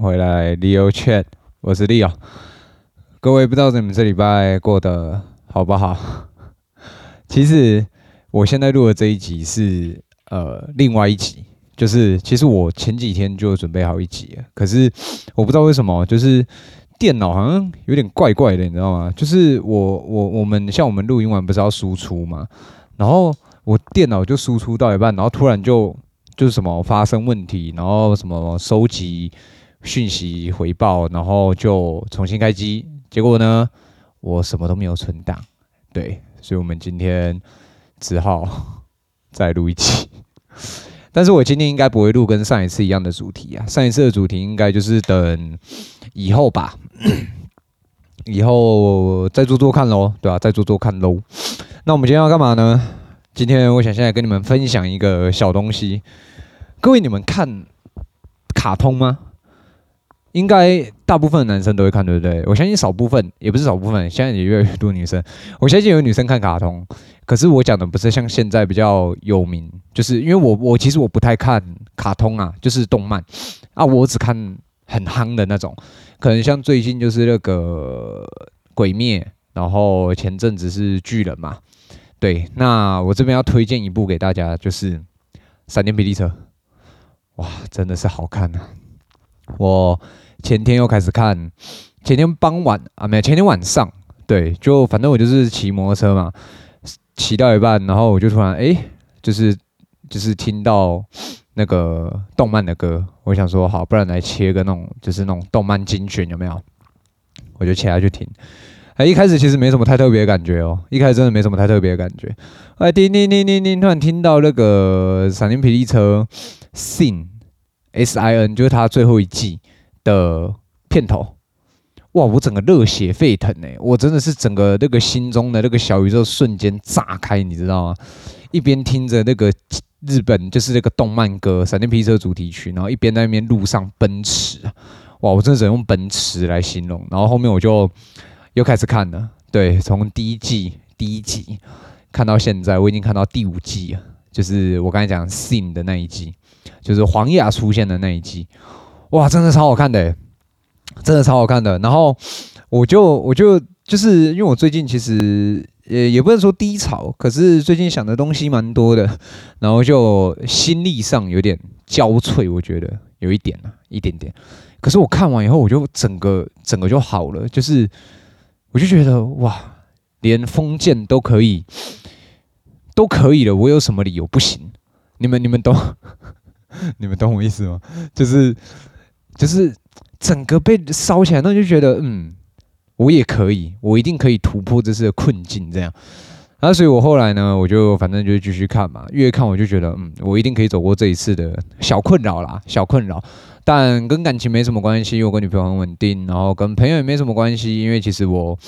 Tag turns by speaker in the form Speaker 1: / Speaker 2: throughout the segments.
Speaker 1: 回來，Leo Chat，我是 Leo。各位不知道你們這禮拜過得好不好？其實我現在錄的這一集是呃另外一集，就是其實我前幾天就準備好一集了，可是我不知道為什麼，就是電腦好像有點怪怪的，你知道嗎？就是我我我們像我們錄音完不是要輸出嘛，然後我電腦就輸出到一半，然後突然就就是什麼發生問題，然後什麼收集。訊息回報，然後就重新開機。結果呢，我什麼都沒有存檔。對，所以我們今天只好再錄一期，但是我今天應該不會錄跟上一次一樣的主題啊。上一次的主題應該就是等以後吧，以後再做做看嘍，對啊，再做做看嘍。那我們今天要幹嘛呢？今天我想現在跟你們分享一個小東西。各位，你們看卡通嗎？應該大部分的男生都會看，對不對？我相信少部分，也不是少部分，現在也越來越多女生。我相信有女生看卡通，可是我講的不是像現在比較有名，就是因為我我其實我不太看卡通啊，就是動漫，啊，我只看很夯的那種，可能像最近就是那個鬼滅，然後前陣子是巨人嘛，對。那我這邊要推薦一部給大家，就是閃電霹靂車，哇，真的是好看啊！我前天又開始看，前天傍晚啊，沒有，前天晚上，對，就反正我就是騎摩托車嘛，騎到一半，然後我就突然哎、欸，就是就是聽到那個動漫的歌，我想說好，不然來切個那種就是那種動漫精選有沒有？我就切下去聽，誒、欸，一開始其實沒什麼太特別的感覺哦，一開始真的沒什麼太特別的感覺，哎，叮叮叮叮叮突然聽到那個閃電霹靂車 sing。S I N 就是他最後一季的片頭，哇！我整個熱血沸騰誒，我真的是整個那個心中的那個小宇宙瞬間炸開，你知道嗎？一邊聽着那個日本就是那個動漫歌《閃電霹靂車》主題曲，然後一邊在那邊路上奔馳。哇！我真的只能用奔馳來形容。然後後面我就又開始看了，對，從第一季第一集看到現在，我已經看到第五季，就是我剛才講 S I N 的那一季。就是黃雅出現的那一集，哇，真的超好看的，真的超好看的。然後我就我就就是因為我最近其實也也不能說低潮，可是最近想的東西蠻多的，然後就心力上有點交瘁，我覺得有一點啊，一點點。可是我看完以後，我就整個整個就好了，就是我就覺得哇，連封建都可以都可以了，我有什麼理由不行？你們你們都。你們懂我意思嗎？就是，就是整個被燒起來，那就覺得，嗯，我也可以，我一定可以突破這次的困境，這樣啊。那所以我後來呢，我就反正就繼續看嘛，越看我就覺得，嗯，我一定可以走過這一次的小困擾啦，小困擾。但跟感情沒什麼關係，因為我跟女朋友很穩定，然後跟朋友也沒什麼關係，因為其實我，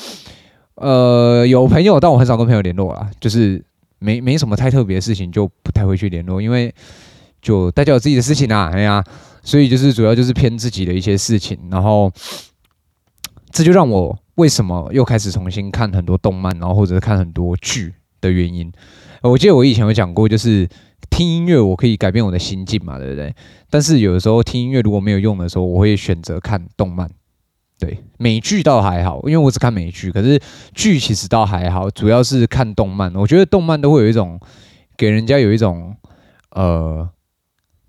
Speaker 1: 呃，有朋友，但我很少跟朋友聯絡啦，就是沒沒什麼太特別的事情，就不太會去聯絡，因為，就大家有自己的事情啦，啊，哎呀，啊，所以就是主要就是偏自己的一些事情，然後這就讓我為什麼又開始重新看很多動漫，然後或者是看很多劇的原因。我記得我以前有講過，就是聽音樂我可以改變我的心境嘛，對不對？但是有的時候聽音樂如果沒有用的時候，我會選擇看動漫。對，美劇倒還好，因為我只看美劇，可是劇其實倒還好，主要是看動漫。我覺得動漫都會有一種給人家有一種呃。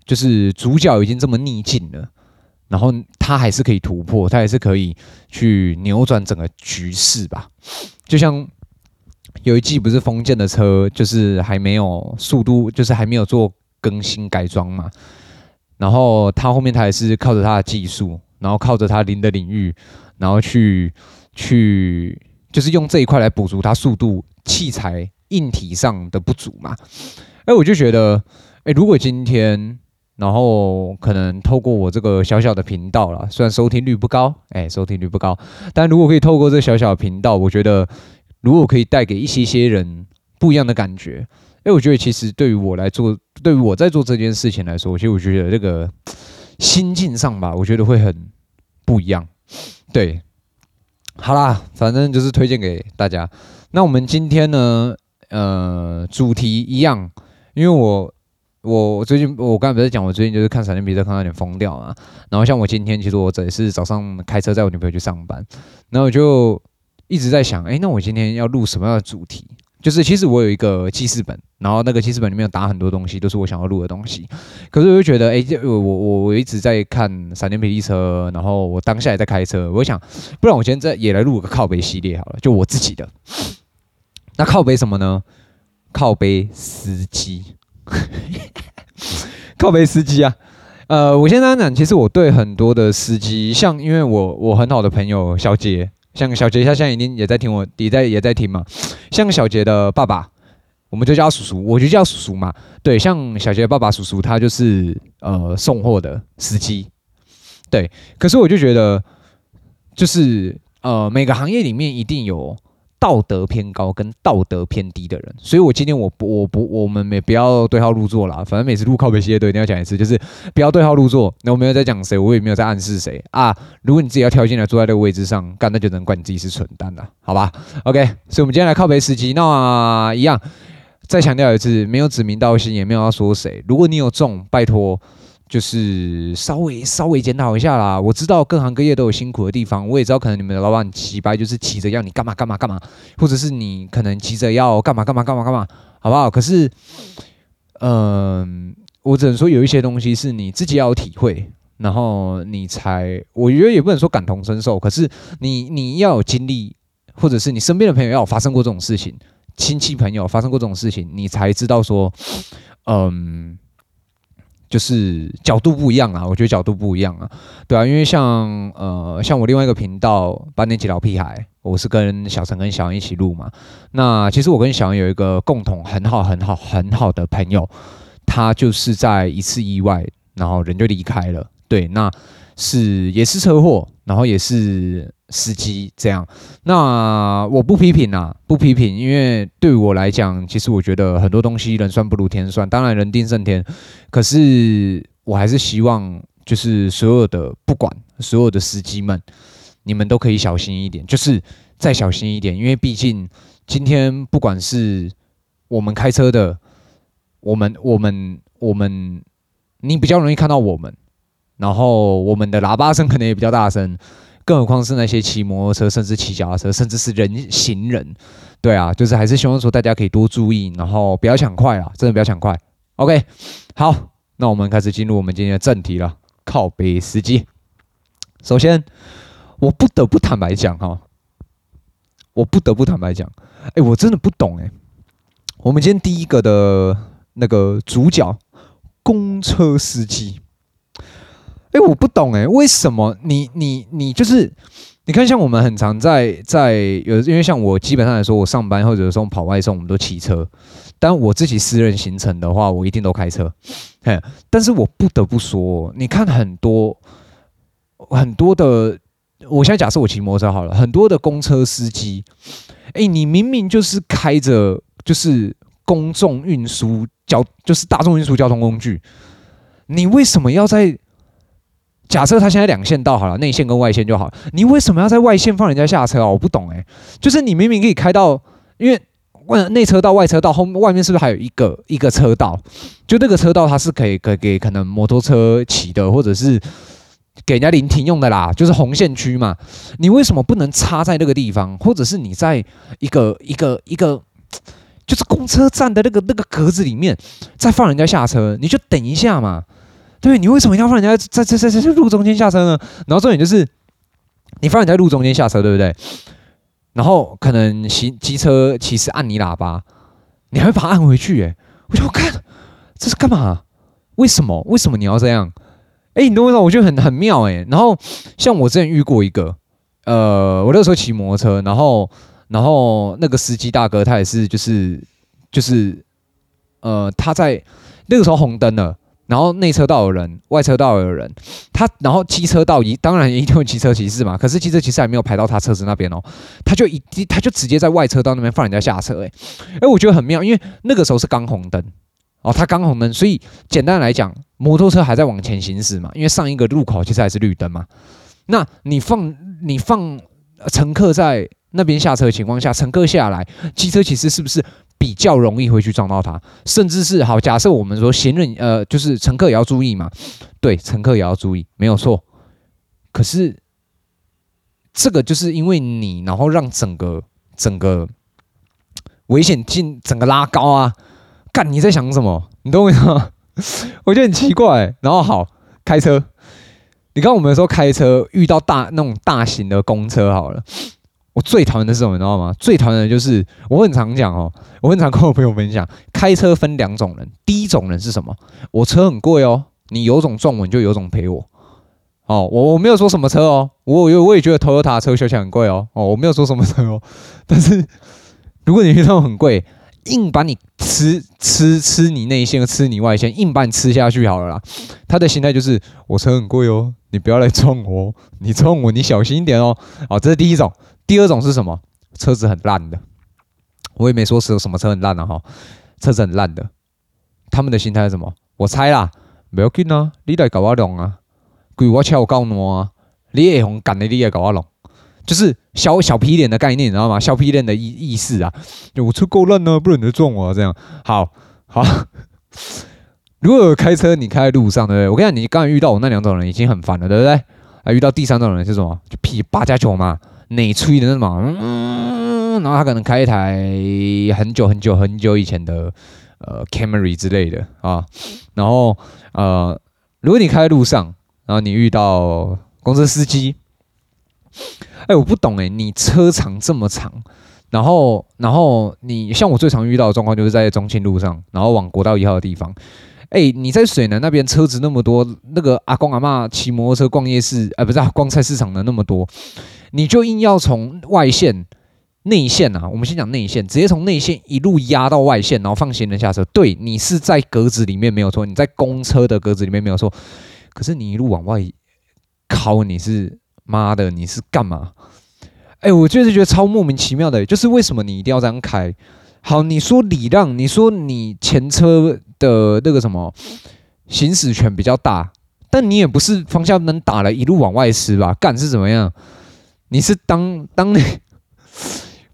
Speaker 1: 就是主角已經這麼逆境了，然後他還是可以突破，他還是可以去扭轉整個局勢吧。就像有一季不是封建的車，就是還沒有速度，就是還沒有做更新改裝嘛。然後他後面他也是靠着他的技術，然後靠着他領的領域，然後去去就是用這一塊來補足他速度器材硬體上的不足嘛。哎、欸，我就覺得，哎、欸，如果今天。然後可能透過我這個小小的頻道啦，雖然收聽率不高，哎，收聽率不高，但如果可以透過這小小的頻道，我覺得如果可以帶給一些些人不一樣的感覺，哎，我覺得其實對於我來做，對於我在做這件事情來說，其實我覺得這個心境上吧，我覺得會很不一樣。對，好啦，反正就是推薦給大家。那我們今天呢，呃，主題一樣，因為我。我最近我剛才不是講，我最近就是看閃電霹靂車，看到有點瘋掉嘛。然後像我今天，其實我只是早上開車載我女朋友去上班，然後我就一直在想，哎、欸，那我今天要錄什麼樣的主題？就是其實我有一個記事本，然後那個記事本裡面有打很多東西，都是我想要錄的東西。可是我就覺得，哎、欸，我我我我一直在看閃電霹靂車，然後我當下也在開車，我想，不然我現在也來錄個靠杯系列好了，就我自己的。那靠杯什麼呢？靠杯司機。 靠杯司機啊，呃，我先跟他講，其實我對很多的司機，像因為我我很好的朋友小杰，像小杰他現在已經也在聽我，也在也在聽嘛，像小杰的爸爸，我們就叫他叔叔，我就叫叔叔嘛，對，像小杰爸爸叔叔，他就是呃送貨的司機，對，可是我就覺得，就是呃每個行業裡面一定有。道德偏高跟道德偏低的人，所以我今天我我不我們也不要對號入座了，反正每次錄靠北系列都一定要講一次，就是不要對號入座。那我沒有在講誰，我也沒有在暗示誰啊。如果你自己要跳進來坐在這個位置上，幹那就只能怪你自己是蠢蛋了，啊，好吧？OK，所以我們今天來靠北司機，那、啊、一樣再強調一次，沒有指名道姓，也沒有要說誰。如果你有中，拜託。就是稍微稍微檢討一下啦，我知道各行各業都有辛苦的地方，我也知道可能你們的老闆急掰，就是急著要你幹嘛幹嘛幹嘛，或者是你可能急着要幹嘛幹嘛幹嘛幹嘛，好不好？可是，嗯，我只能說有一些東西是你自己要有體會，然後你才，我覺得也不能說感同身受，可是你你要有經歷，或者是你身邊的朋友要有發生過這種事情，親戚朋友發生過這種事情，你才知道說，嗯。就是角度不一樣啊，我覺得角度不一樣啊，對啊，因為像呃像我另外一個頻道八年級老屁孩，我是跟小陳跟小楊一起錄嘛，那其實我跟小楊有一個共同很好很好很好的朋友，他就是在一次意外，然後人就離開了，對，那是也是車禍。然後也是司機這樣，那我不批評啦，不批評，因為對我來講，其實我覺得很多東西人算不如天算，當然人定勝天，可是我還是希望就是所有的不管所有的司機們，你們都可以小心一點，就是再小心一點，因為畢竟今天不管是我們開車的，我們我們我們，你比較容易看到我們。然後我們的喇叭聲可能也比較大聲，更何況是那些騎摩托車，甚至騎腳踏車，甚至是人行人，對啊，就是還是希望說大家可以多注意，然後不要搶快啊，真的不要搶快。OK，好，那我們開始進入我們今天的正題了，靠杯司機。首先，我不得不坦白講哈、哦，我不得不坦白講，哎，我真的不懂哎，我們今天第一個的那個主角，公車司機。哎、欸，我不懂哎，為什麼你你你就是，你看像我們很常在在有，因為像我基本上來說，我上班或者說跑外送，我們都騎車。但我自己私人行程的話，我一定都開車。嘿，但是我不得不說、哦，你看很多很多的，我現在假設我騎摩托車好了，很多的公車司機，哎、欸，你明明就是開着就是公眾運輸交就是大眾運輸交通工具，你為什麼要在？假設他現在兩線道好了，內線跟外線就好。你為什麼要在外線放人家下車啊？我不懂哎、欸，就是你明明可以開到，因為內車道、外車道後外面是不是還有一個一個車道？就那個車道它是可以給給可能摩托車騎的，或者是給人家臨停用的啦，就是紅線區嘛。你為什麼不能插在那個地方，或者是你在一個一個一個就是公車站的那個那個格子裡面再放人家下車？你就等一下嘛。對，你為什麼一定要放人家在在在在在路中間下車呢？然後重點就是，你放人家在路中間下車，對不對？然後可能騎，機車騎士按你喇叭，你還會把它按回去耶，我就看這是幹嘛？為什麼？為什麼你要這樣？誒，你都不知道，我覺得很很妙誒。然後像我之前遇過一個，呃，我那個時候騎摩托車，然後然後那個司機大哥他也是就是就是，呃，他在那個時候紅燈了。然後內車道有人，外車道也有人，他然後機車道一，當然一定有機車騎士嘛。可是機車騎士還沒有排到他車子那邊哦，他就一他就直接在外車道那邊放人家下車。哎哎，我覺得很妙，因為那個時候是剛紅燈哦，他剛紅燈，所以簡單來講，摩托車還在往前行駛嘛，因為上一個路口其實還是綠燈嘛。那你放你放乘客在那邊下車的情況下，乘客下來，機車騎士是不是？比較容易會去撞到他，甚至是，好，假設我們說行人，呃，就是乘客也要注意嘛，對，乘客也要注意，沒有錯。可是這個就是因為你，然後讓整個整個危險性整個拉高啊！幹你在想什麼？你懂我意思嗎？我覺得很奇怪欸。然後好開車，你剛剛我們說開車遇到大那種大型的公車好了。我最討厭的是什麼，你知道嗎？最討厭的就是，我很常講哦，我很常跟我朋友分享，開車分兩種人。第一種人是什麼？我車很貴哦，你有種撞我，你就有種賠我。哦，我我沒有說什麼車哦，我我我也覺得 Toyota 車修起來很貴哦，哦，我沒有說什麼車哦。但是如果你遇到很貴，硬把你吃吃吃你內線和吃你外線，硬把你吃下去好了啦。他的心態就是我車很貴哦，你不要來撞我，你撞我你小心一點哦。好，這是第一種。第二種是什麼？車子很爛的，我也沒說是什麼車很爛了哈，車子很爛的。他們的心態是什麼？我猜啦，不要緊啊，你來給我弄啊，給我車有夠爛啊，你也紅干的，你也給我弄，就是小小皮臉的概念，你知道嗎？小皮臉的意意思啊，我車夠爛了，不忍得撞我，啊、這樣。好好， 如果有開車，你開在路上對不對？我跟你講，你剛剛遇到我那兩種人已經很煩了，對不對？啊，遇到第三種人是什麼？就屁八加窮嘛。你吹的那種，嗯，然後他可能開一台很久很久很久以前的呃 Camry 之類的啊，然後呃，如果你開在路上，然後你遇到公車司機，哎、欸，我不懂哎，你車長這麼長，然後然後你像我最常遇到的狀況就是在中清路上，然後往國道一號的地方，哎、欸，你在水南那邊車子那麼多，那個阿公阿媽騎摩托車逛夜市，哎、欸，不是逛、啊、菜市場的那麼多。你就硬要從外線內線啊？我們先講內線，直接從內線一路壓到外線，然後放行人下車。對你是在格子裡面沒有錯，你在公車的格子裡面沒有錯，可是你一路往外靠你，你是媽的你是幹嘛？哎、欸，我就是覺得超莫名其妙的，就是為什麼你一定要這樣開？好，你說禮讓，你說你前車的那個什麼行駛權比較大，但你也不是方向燈打了，一路往外駛吧？幹是怎麼樣？你是當當，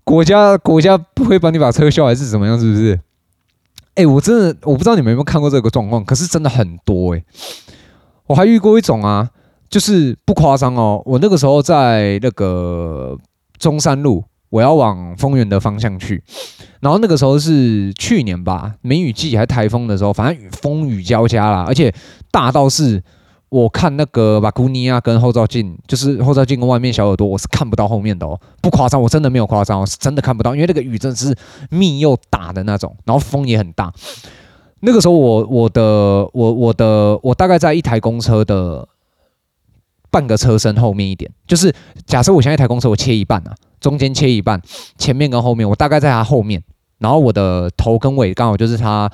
Speaker 1: 國家國家不會幫你把車修，還是怎麼樣？是不是？哎、欸，我真的我不知道你們有沒有看過這個狀況，可是真的很多哎、欸。我還遇過一種啊，就是不誇張哦，我那個時候在那個中山路，我要往豐原的方向去，然後那個時候是去年吧，梅雨季還是颱風的時候，反正風雨交加啦，而且大到是。我看那個把古尼亞跟後照鏡，就是後照鏡跟外面小耳朵，我是看不到後面的哦，不誇張，我真的沒有誇張，我是真的看不到，因為那個雨真的是密又大的那種，然後風也很大。那個時候我我的我我的我大概在一台公車的半個車身後面一點，就是假設我現在一台公車，我切一半啊，中間切一半，前面跟後面，我大概在它後面，然後我的頭跟尾剛好就是它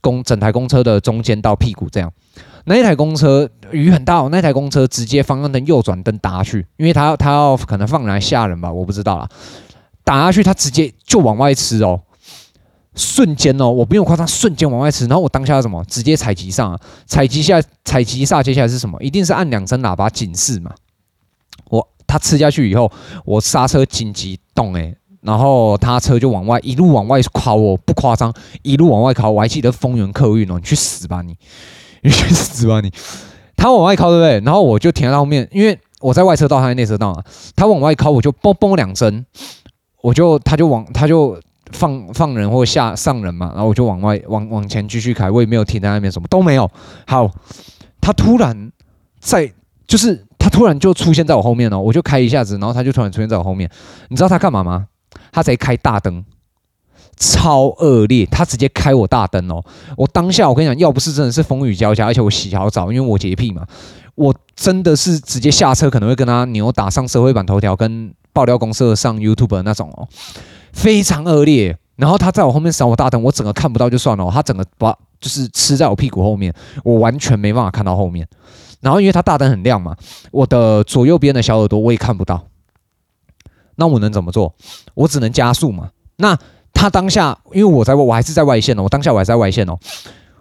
Speaker 1: 公整台公車的中間到屁股這樣。那一台公車，雨很大哦、喔，那台公車直接方向燈、右轉燈打下去，因為他，他要可能放來嚇人吧，我不知道啦。打下去，他直接就往外吃哦、喔，瞬間哦、喔，我不用誇張，瞬間往外吃。然後我當下是什麼，直接採集上，啊，採集下，採集下，接下來是什麼？一定是按兩聲喇叭警示嘛。我他吃下去以後，我剎車緊急動哎，然後他車就往外一路往外誇我，不誇張，一路往外誇我，我，我還記得豐原客運哦、喔，你去死吧你！你去死吧你！他往外靠，對不對？然後我就停在後面，因為我在外車道，他在內車道嘛。他往外靠，我就嘣嘣兩聲，我就他就往他就放放人或下上人嘛。然後我就往外往往前繼續開，我也沒有停在那邊，什麼都沒有。好，他突然在，就是他突然就出現在我後面了，我就開一下子，然後他就突然出現在我後面。你知道他幹嘛嗎？他在開大燈。超惡劣，他直接開我大燈哦！我當下我跟你講，要不是真的是風雨交加，而且我洗好澡，因為我潔癖嘛，我真的是直接下車可能會跟他扭打上社會版頭條，跟爆料公社上 YouTube 的那種哦，非常惡劣。然後他在我後面閃我大燈，我整個看不到就算了，他整個把就是吃在我屁股後面，我完全沒辦法看到後面。然後因為他大燈很亮嘛，我的左右邊的小耳朵我也看不到。那我能怎麼做？我只能加速嘛。那他當下，因為我在，我還是在外線哦。我當下我還在外線哦。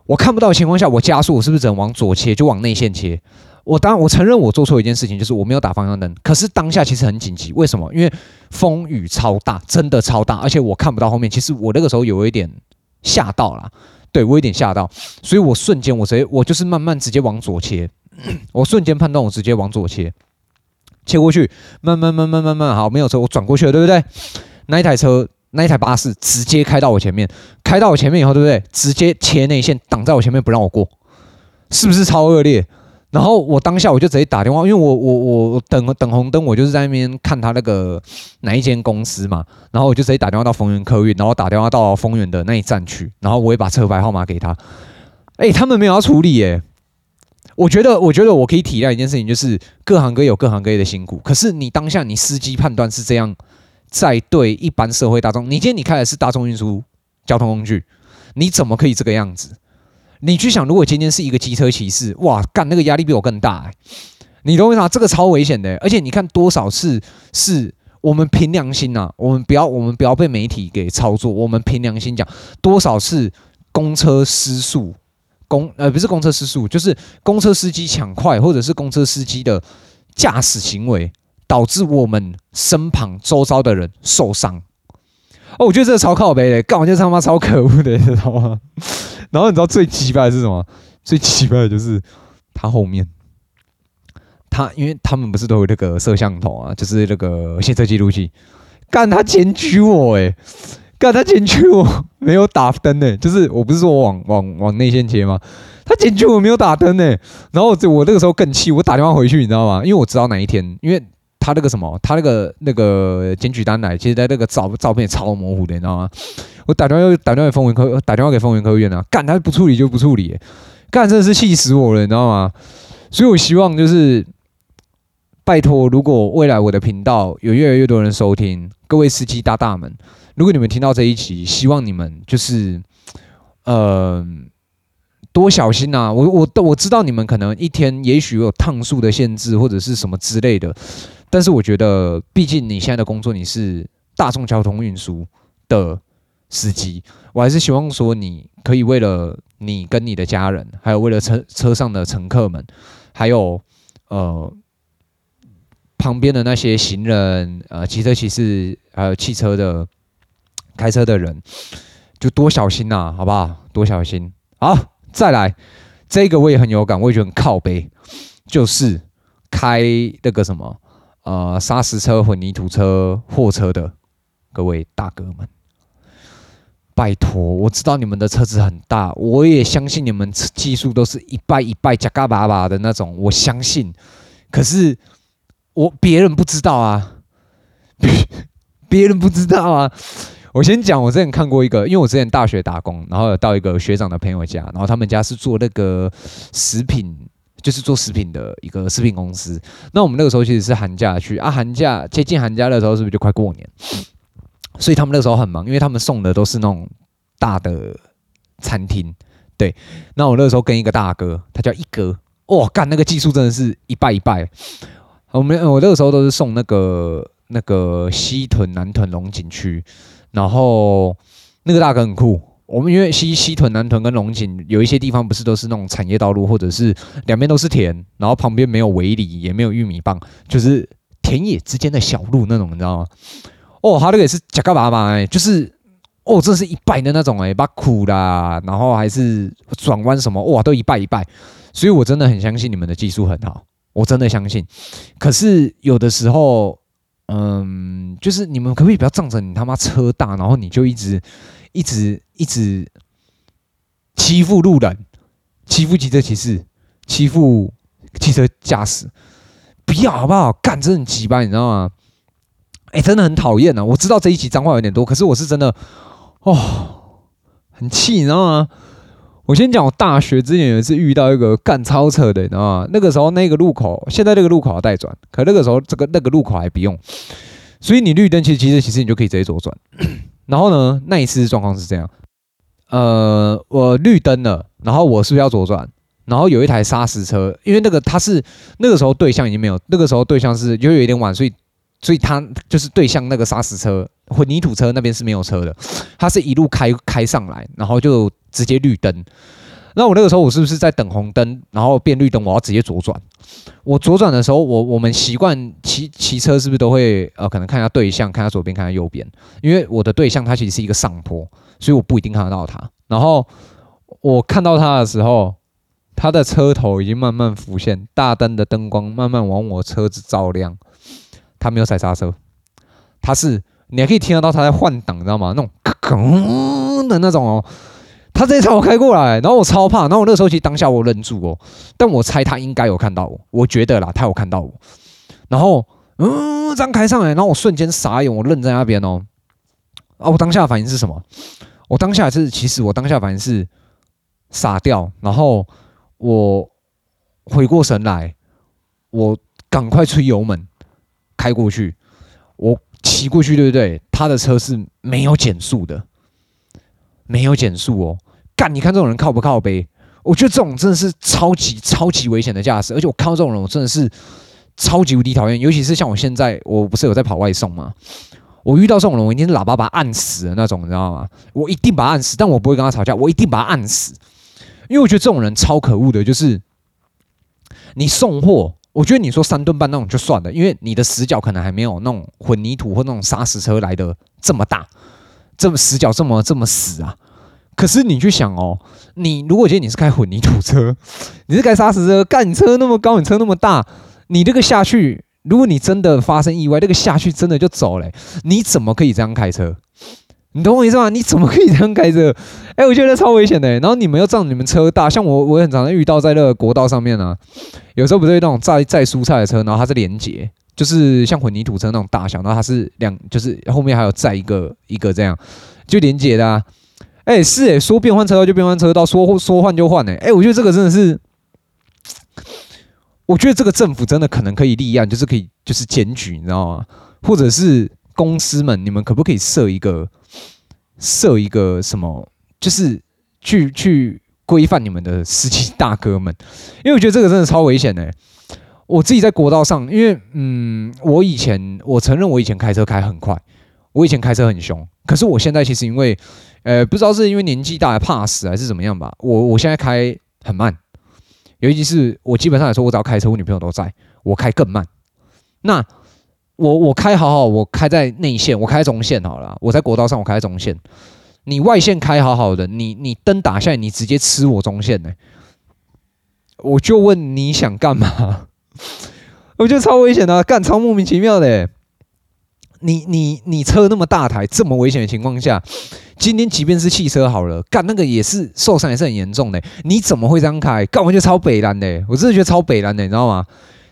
Speaker 1: 我看不到的情況下，我加速，我是不是只能往左切，就往內線切？我當我承認我做錯一件事情，就是我沒有打方向燈。可是當下其實很緊急，為什麼？因為風雨超大，真的超大，而且我看不到後面。其實我那個時候有一點嚇到啦，對，我有點嚇到，所以我瞬間我直接，我就是慢慢直接往左切。 我瞬間判斷，我直接往左切，切過去，慢慢慢慢慢慢，好，沒有車，我轉過去了，對不對？那一台車。那一台巴士直接開到我前面，開到我前面以後，對不對？直接切內線，擋在我前面不讓我過，是不是超惡劣？然後我當下我就直接打電話，因為我我我等等紅燈，我就是在那邊看他那個哪一間公司嘛。然後我就直接打電話到豐原客運，然後打電話到豐原的那一站去，然後我也把車牌號碼給他。哎、欸，他們沒有要處理哎、欸，我覺得我覺得我可以體諒一件事情，就是各行各業有各行各業的辛苦。可是你當下你司機判斷是這樣。在對一般社會大眾，你今天你開的是大眾運輸交通工具，你怎麼可以這個樣子？你去想，如果今天是一個機車騎士，哇，幹那個壓力比我更大，你懂為啥？這個超危險的，而且你看多少次是，我們憑良心吶、啊，我們不要，我們不要被媒體給操作，我們憑良心講，多少次公車失速，公呃不是公車失速，就是公車司機搶快，或者是公車司機的駕駛行為。導致我們身旁周遭的人受傷哦，我覺得這個超靠北的，幹我就是他媽超可惡的，你知道嗎？然後你知道最奇怪的是什麼？最奇怪的就是他後面，他因為他們不是都有那個攝像頭啊，就是那個行車記錄器。幹他檢舉我哎，幹他檢舉我 沒有打燈呢，就是我不是說我往往往內線切嗎？他檢舉我沒有打燈呢。然後我我那個時候更氣，我打電話回去，你知道嗎？因為我知道哪一天，因為。他那個什麼，他那個那個檢舉單來，其實，在那個照照片超模糊的，你知道嗎？我打電話打電話給風雲科，打電話給風雲科院呢、啊，幹他不處理就不處理，幹真的是氣死我了，你知道嗎？所以，我希望就是拜託，如果未來我的頻道有越來越多人收聽，各位司機大大們，如果你們聽到這一集，希望你們就是，嗯、呃，多小心吶、啊！我我我知道你們可能一天也許有趟數的限制或者是什麼之類的。但是我覺得，畢竟你現在的工作你是大眾交通運輸的司機，我還是希望說你可以為了你跟你的家人，還有為了車車上的乘客們，還有呃旁邊的那些行人，呃騎車騎士，還有汽車的開車的人，就多小心吶，啊，好不好？多小心。好，再來，這個我也很有感，我也覺得很靠杯，就是開那個什麼。呃，砂石車、混凝土車、貨車的各位大哥們，拜託，我知道你們的車子很大，我也相信你們技術都是一拜一拜、嘎嘎巴巴的那種，我相信。可是我別人不知道啊，別別人不知道啊。我先講，我之前看過一個，因為我之前大學打工，然後有到一個學長的朋友家，然後他們家是做那個食品。就是做食品的一個食品公司。那我們那個時候其實是寒假去啊，寒假，接近寒假的時候，是不是就快過年？所以他們那個時候很忙，因為他們送的都是那種大的餐廳。對，那我那個時候跟一個大哥，他叫一哥，哇、哦，幹那個技術真的是一拜一拜。我們我那個時候都是送那個那個西屯、南屯、龍井區，然後那個大哥很酷。我們因為西西屯、南屯跟龍井有一些地方，不是都是那種產業道路，或者是兩邊都是田，然後旁邊沒有圍籬，也沒有玉米棒，就是田野之間的小路那種，你知道嗎？哦，它那個也是夾克巴嘛，哎，就是哦，這是一拜的那種誒把苦啦，然後還是轉彎什麼哇，都一拜一拜，所以我真的很相信你們的技術很好，我真的相信。可是有的時候，嗯，就是你們可不可以不要仗着你他媽車大，然後你就一直。一直一直欺負路人，欺負機車騎士，欺負汽車駕駛，不要好不好？幹，真的很雞巴，你知道嗎？哎、欸，真的很討厭吶！我知道這一集髒話有點多，可是我是真的，哦，很氣，你知道嗎？我先講，我大學之前有一次遇到一個幹超車的，你知道嗎？那個時候那個路口，現在這個路口要待轉，可那個時候這個那個路口還不用，所以你綠燈機機車騎士，你就可以直接左轉。 然後呢，那一次的狀況是這樣，呃，我綠燈了，然後我是不是要左轉？然後有一台砂石車，因為那個它是那個時候對向已經沒有，那個時候對向是因為有點晚，所以所以它就是對向那個砂石車、混凝土車那邊是沒有車的，它是一路開開上來，然後就直接綠燈。那我那個時候我是不是在等紅燈？然後變綠燈，我要直接左轉。我左轉的時候，我我們習慣騎騎車是不是都會呃，可能看一下對向，看下左邊，看下右邊。因為我的對象它其實是一個上坡，所以我不一定看得到他。然後我看到他的時候，他的車頭已經慢慢浮現，大燈的燈光慢慢往我車子照亮。他沒有踩剎車，他是你還可以聽得到他在換擋，你知道嗎？那種“咯咯”的那種、哦。他這車我開過來，然後我超怕，然後我那時候其實當下我愣住哦，但我猜他應該有看到我，我覺得啦，他有看到我，然後嗯，這樣開上來，然後我瞬間傻眼，我愣在那邊哦，啊，我當下的反應是什麼？我當下是，其實我當下反應是傻掉，然後我回過神來，我趕快催油門開過去，我騎過去，對不對？他的車是沒有減速的，沒有減速哦。但你看這種人靠不靠背？我覺得這種真的是超級超級危險的駕駛，而且我看到這種人，我真的是超級無敵討厭。尤其是像我現在，我不是有在跑外送嗎？我遇到這種人，我一定是喇叭把他按死的那種，你知道嗎？我一定把他按死，但我不會跟他吵架，我一定把他按死。因為我覺得這種人超可惡的，就是你送貨，我覺得你說三噸半那種就算了，因為你的死角可能還沒有那種混凝土或那種砂石車來的這麼大，這麼死角這麼這麼死啊。可是你去想哦，你如果今天你是開混凝土車，你是開砂石車，幹你車那麼高，你車那麼大，你這個下去，如果你真的發生意外，那個下去真的就走嘞，你怎麼可以這樣開車？你懂我意思嗎？你怎麼可以這樣開車？哎、欸，我覺得超危險的。然後你們又仗著你們車大，像我我也很常遇到在那個國道上面呢、啊，有時候不是那種載載蔬菜的車，然後它是連結，就是像混凝土車那種大小，然後它是兩，就是後面還有載一個一個這樣就連結的、啊。哎、欸，是哎、欸，說變換車道就變換車道，說說換就換哎，哎，我覺得這個真的是，我覺得這個政府真的可能可以立案，就是可以就是檢舉，你知道嗎？或者是公司們，你們可不可以設一個設一個什麼，就是去去規範你們的司機大哥們？因為我覺得這個真的超危險欸。我自己在國道上，因為嗯，我以前我承認我以前開車開很快，我以前開車很凶，可是我現在其實因為呃，不知道是因為年紀大怕死還是怎麼樣吧。我我現在開很慢，尤其是我基本上來說，我只要開車，我女朋友都在，我開更慢。那我我開好好，我開在內線，我開中線好了。我在國道上，我開中線。你外線開好好的，你你燈打下來，你直接吃我中線呢？我就問你想幹嘛？ 我覺得超危險的，啊，幹超莫名其妙的。你你你車那麼大台，這麼危險的情況下。今天即便是汽車好了，幹那個也是受傷，也是很嚴重的。你怎麼會這樣開？幹，我覺得超北爛的，我真的覺得超北爛的，你知道嗎？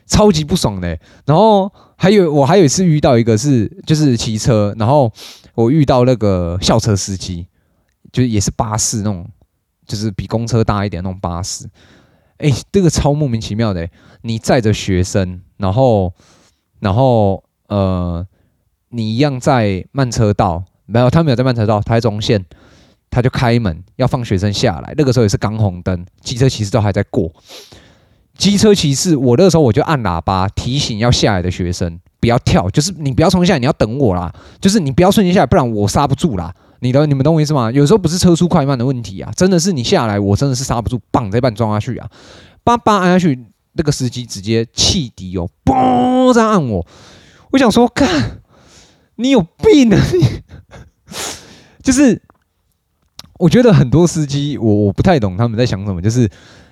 Speaker 1: 超級不爽的。然後還有我還有一次遇到一個是就是騎車，然後我遇到那個校車司機，就是也是巴士那種，就是比公車大一點那種巴士。哎、欸，這個超莫名其妙的。你載着學生，然後然後呃，你一樣在慢車道。沒有，他沒有在慢車道，他在中線，他就開門要放學生下來。那個時候也是剛紅燈，機車騎士都還在過。機車騎士，我那個時候我就按喇叭提醒要下來的學生不要跳，就是你不要衝下來，你要等我啦，就是你不要瞬間下來，不然我剎不住啦。你懂，你們懂我意思嗎？有時候不是車速快慢的問題啊，真的是你下來我真的是剎不住，嘣這半撞下去啊！叭叭按下去，那個司機直接汽笛哦，嘣這樣按我，我想說，幹。你有病啊你 就是我覺得很多司機，我我不太懂他們在想什麼。就是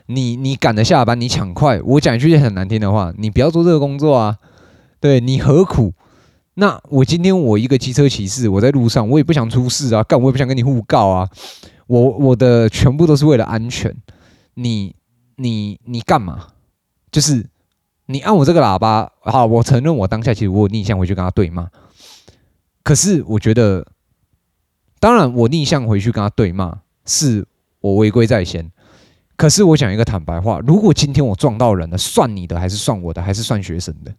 Speaker 1: 你你趕著下班，你搶快。我講一句很難聽的話，你不要做這個工作啊！對你何苦？那我今天我一個機車騎士，我在路上我也不想出事啊，幹我也不想跟你互告啊。我我的全部都是為了安全。你你你幹嘛？就是你按我這個喇叭，好，我承認我當下其實我有逆向回去跟他對罵，可是，我覺得，當然，我逆向回去跟他對罵，是我違規在先。可是，我講一個坦白話，如果今天我撞到人了，算你的還是算我的，還是算學生的？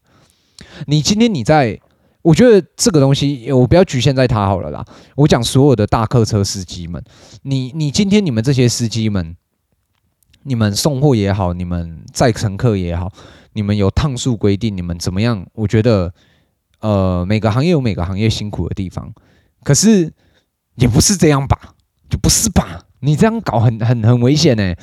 Speaker 1: 你今天你在，我覺得這個東西，我不要局限在他好了啦。我講所有的大客車司機們，你你今天你們這些司機們，你們送貨也好，你們載乘客也好，你們有趟數規定，你們怎麼樣？我覺得。呃，每個行業有每個行業辛苦的地方，可是也不是這樣吧？就不是吧？你這樣搞很很很危險呢、欸。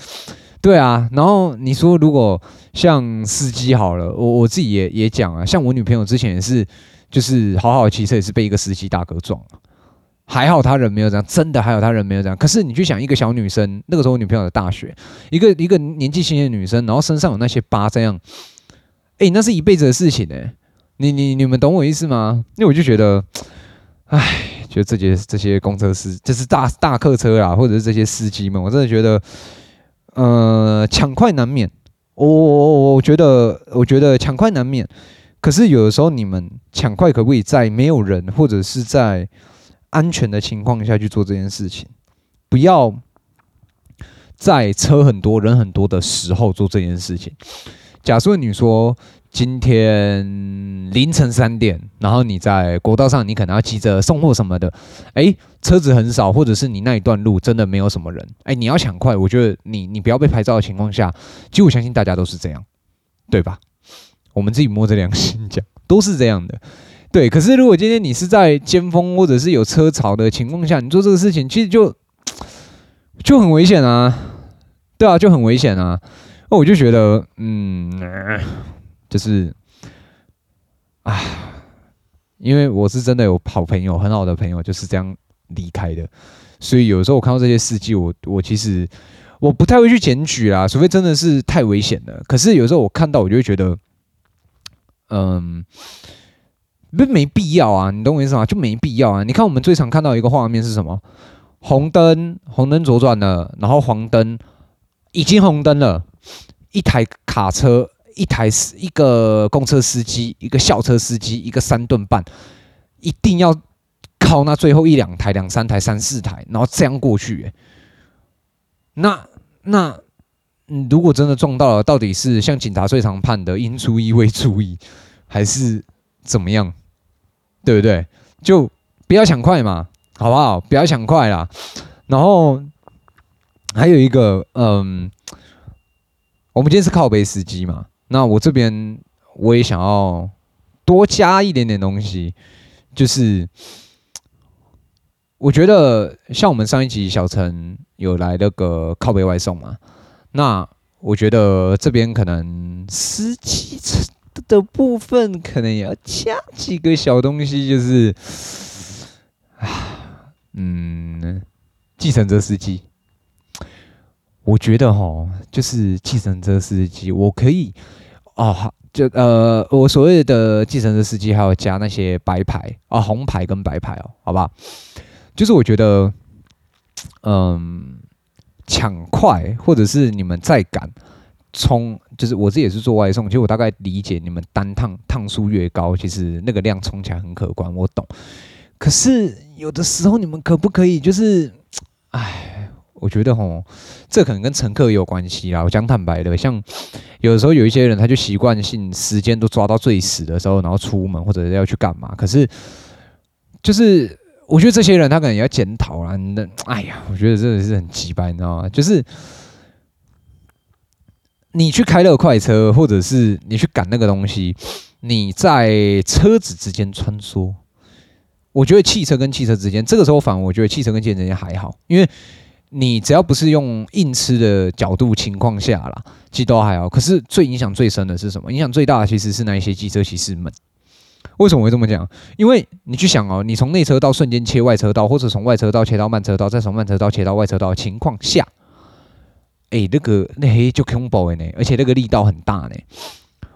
Speaker 1: 對啊，然後你說如果像司機好了，我我自己也也講啊，像我女朋友之前也是，就是好好騎車也是被一個司機大哥撞了，還好他人沒有這樣，真的還好他人沒有這樣。可是你去想一個小女生，那個時候我女朋友的大學，一個一個年紀輕輕的女生，然後身上有那些疤這樣，哎、欸，那是一輩子的事情呢、欸。你你你們懂我意思嗎？因為我就覺得，哎，覺得這些這些公車司，就是大大客車啊，或者是這些司機們，我真的覺得，呃，搶快難免。我我我我覺得，我覺得搶快難免。可是有的時候，你們搶快可不可以在沒有人或者是在安全的情況下去做這件事情？不要在車很多人很多的時候做這件事情。假設你說。今天凌晨三點，然後你在國道上，你可能要急着送貨什麼的。哎、欸，車子很少，或者是你那一段路真的沒有什麼人。哎、欸，你要搶快，我覺得你你不要被拍照的情況下，其實我相信大家都是這樣，對吧？我們自己摸着良心講，都是這樣的。對，可是如果今天你是在尖峰或者是有車潮的情況下，你做這個事情，其實就就很危險啊！對啊，就很危險啊！那我就覺得，嗯。呃就是啊，因為我是真的有好朋友，很好的朋友就是這樣離開的，所以有時候我看到這些司機，我我其實我不太會去檢舉啦，除非真的是太危險了。可是有時候我看到，我就會覺得，嗯，沒必要啊，你懂我意思嗎？就沒必要啊。你看，我們最常看到一個畫面是什麼？紅燈，紅燈左轉了，然後黃燈已經紅燈了，一台卡車。一台司一個公車司機，一個校車司機，一個三噸半，一定要靠那最後一兩台、兩三台、三四台，然後這樣過去。那那，如果真的撞到了，到底是像警察最常判的“應注意而未注意”，還是怎麼樣？對不對？就不要搶快嘛，好不好？不要搶快啦。然後還有一個，嗯，我們今天是靠杯司機嘛。那我這邊我也想要多加一點點東西，就是我覺得像我們上一集小陳有來那個靠杯外送嘛，那我覺得這邊可能司機的部分可能也要加幾個小東西，就是啊，嗯，繼承者司機。我覺得齁，就是計程車司機，我可以，啊、哦，就呃，我所謂的計程車司機，還有加那些白牌啊、哦、紅牌跟白牌哦，好吧，就是我覺得，嗯，搶快或者是你們再敢衝，就是我自己也是做外送，其實我大概理解你們單趟趟數越高，其實那個量衝起來很可觀，我懂。可是有的時候你們可不可以就是，唉。我覺得吼，這可能跟乘客也有關係啦。我講坦白的，像有時候有一些人，他就習慣性時間都抓到最死的時候，然後出門或者是要去幹嘛。可是就是我覺得這些人他可能要檢討啦。那哎呀，我覺得真的是很奇葩，你知道嗎？就是你去開那個快車，或者是你去趕那個東西，你在車子之間穿梭。我覺得汽車跟汽車之間，這個時候反而我覺得汽車跟汽車之間還好，因為。你只要不是用硬吃的角度情況下啦，其實都還好。可是最影響最深的是什麼？影響最大的其實是那一些機車騎士們。為什麼會這麼講？因為你去想哦，你從內車道瞬間切外車道，或者從外車道切到慢車道，再從慢車道切到外車道的情況下，哎、欸，那個那嘿就 combo 呢，而且那個力道很大呢。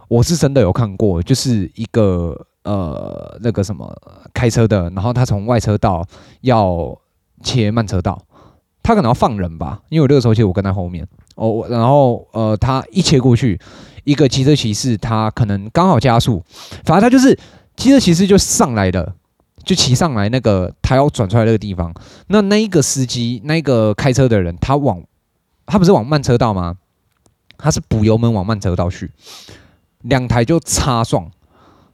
Speaker 1: 我是真的有看過，就是一個呃那個什麼開車的，然後他從外車道要切慢車道。他可能要放人吧，因為我這個時候其實我跟在後面哦，然後呃，他一切過去，一個機車騎士，他可能剛好加速，反正他就是機車騎士就上來了，就騎上來那個他要轉出來那個地方，那那一個司機，那一個開車的人，他往他不是往慢車道嗎？他是補油門往慢車道去，兩台就擦撞，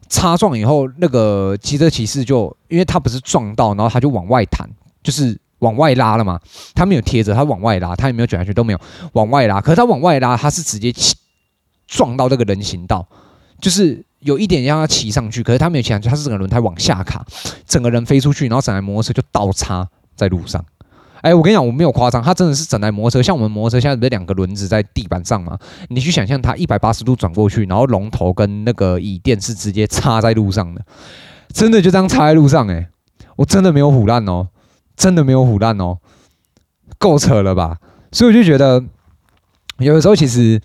Speaker 1: 擦撞以後那個機車騎士就因為他不是撞到，然後他就往外彈，就是。往外拉了嘛？他沒有貼着，他往外拉，他也沒有捲下去，都沒有往外拉。可是他往外拉，他是直接撞到這個人行道，就是有一點讓他騎上去。可是他沒有騎上去，他是整個輪胎往下卡，整個人飛出去，然後整台摩托車就倒插在路上。哎，我跟你講，我沒有誇張，他真的是整台摩托車，像我們摩托車現在不是兩個輪子在地板上嘛，你去想象它一百八十度轉過去，然後龍頭跟那個椅墊是直接插在路上的，真的就這樣插在路上。哎，我真的沒有唬爛哦。真的沒有唬爛哦，夠扯了吧？所以我就覺得，有的時候其實，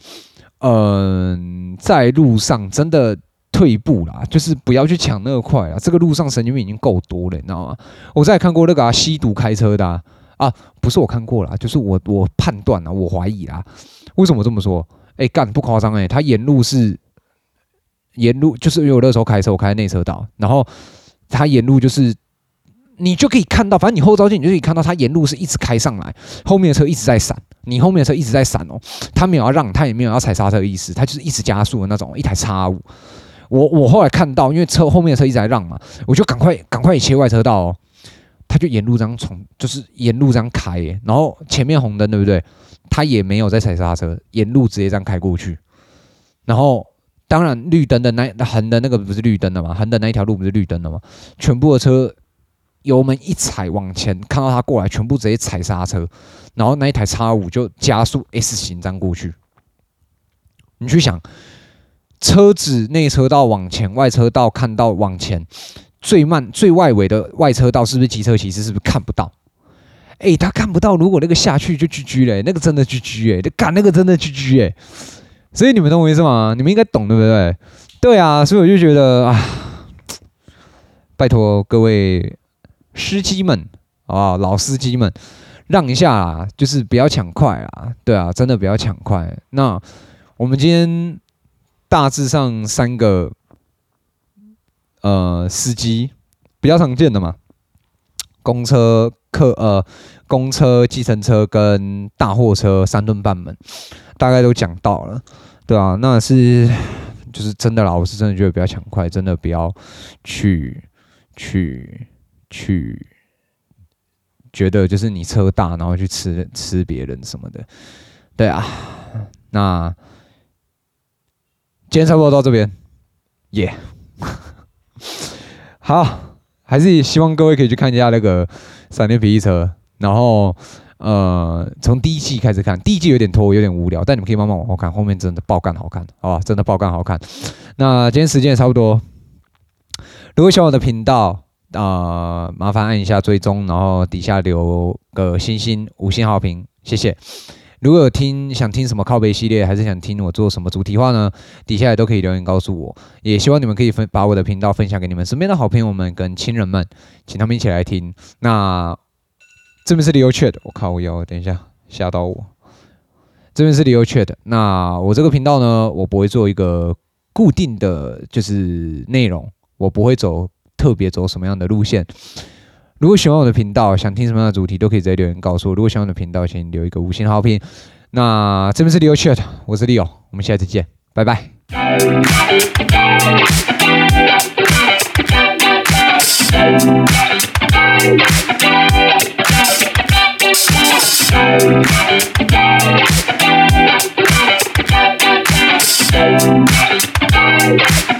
Speaker 1: 嗯、呃，在路上真的退步啦，就是不要去搶那個快啊。這個路上神經病已經夠多了，你知道嗎？我再看過那個、啊、吸毒開車的啊，啊不是我看過了，就是我我判斷了、啊，我懷疑啦、啊。為什麼我這麼說？哎、欸，幹不誇張誒，他沿路是沿路，就是因為我那時候開車，我開內車道，然後他沿路就是。你就可以看到，反正你後照鏡，你就可以看到，他沿路是一直開上來，後面的車一直在閃，你後面的車一直在閃哦，他沒有要讓，他也沒有要踩剎車的意思，他就是一直加速的那種，一台 X5。我我後來看到，因為車後面的車一直在讓嘛，我就趕快趕快也切外車道哦，他就沿路這樣從，就是沿路這樣開、欸，然後前面紅燈對不對？他也沒有在踩剎車，沿路直接這樣開過去。然後當然綠燈的那橫的那個不是綠燈的嘛，橫的那一條路不是綠燈的嘛，全部的車。油門一踩往前，看到他過來，全部直接踩剎車，然後那一台叉五就加速 S 型鑽過去。你去想，車子內車道往前，外車道看到往前，最慢最外圍的外車道，是不是機車騎士是不是看不到？哎、欸，他看不到。如果那個下去就 GG 了、欸，那個真的 GG 誒，就幹那個真的 GG 誒。所以你們懂我意思嗎？你們應該懂對不對？對啊，所以我就覺得啊，拜託各位。司機們啊，老司機們，讓一下啊，就是不要搶快啊，對啊，真的不要搶快。那我們今天大致上，三個呃司機比較常見的嘛，公車客呃，公車、計程車跟大貨車三噸半們，大概都講到了，對啊，那是就是真的啦，我是真的覺得比較搶快，真的不要去去、去覺得就是你車大，然後去吃吃別人什麼的，對啊。那今天差不多到這邊，耶。好，還是希望各位可以去看一下那個《閃電霹靂車》，然後呃，從第一季開始看，第一季有點拖，有點無聊，但你們可以慢慢往後看，後面真的爆幹好看，啊，真的爆幹好看。那今天時間也差不多，如果喜歡我的頻道。啊、呃，麻煩按一下追蹤，然後底下留個星星五星好評，謝謝。如果有聽想聽什麼靠杯系列，還是想聽我做什麼主題話呢？底下也都可以留言告訴我。也希望你們可以分把我的頻道分享給你們身邊的好朋友們跟親人們，請他們一起來聽。那這邊是李優雀的，我、哦、靠，我腰，等一下嚇到我。這邊是李優雀的。那我這個頻道呢，我不會做一個固定的就是內容，我不會走。特別走什麼樣的路線。如果喜歡我的頻道，想聽什麼樣的主題，都可以直接留言告訴我。如果喜歡我的頻道，請留一個五星好評。那這邊是 Leo Chat，我是 Leo，我們下次再見，拜拜。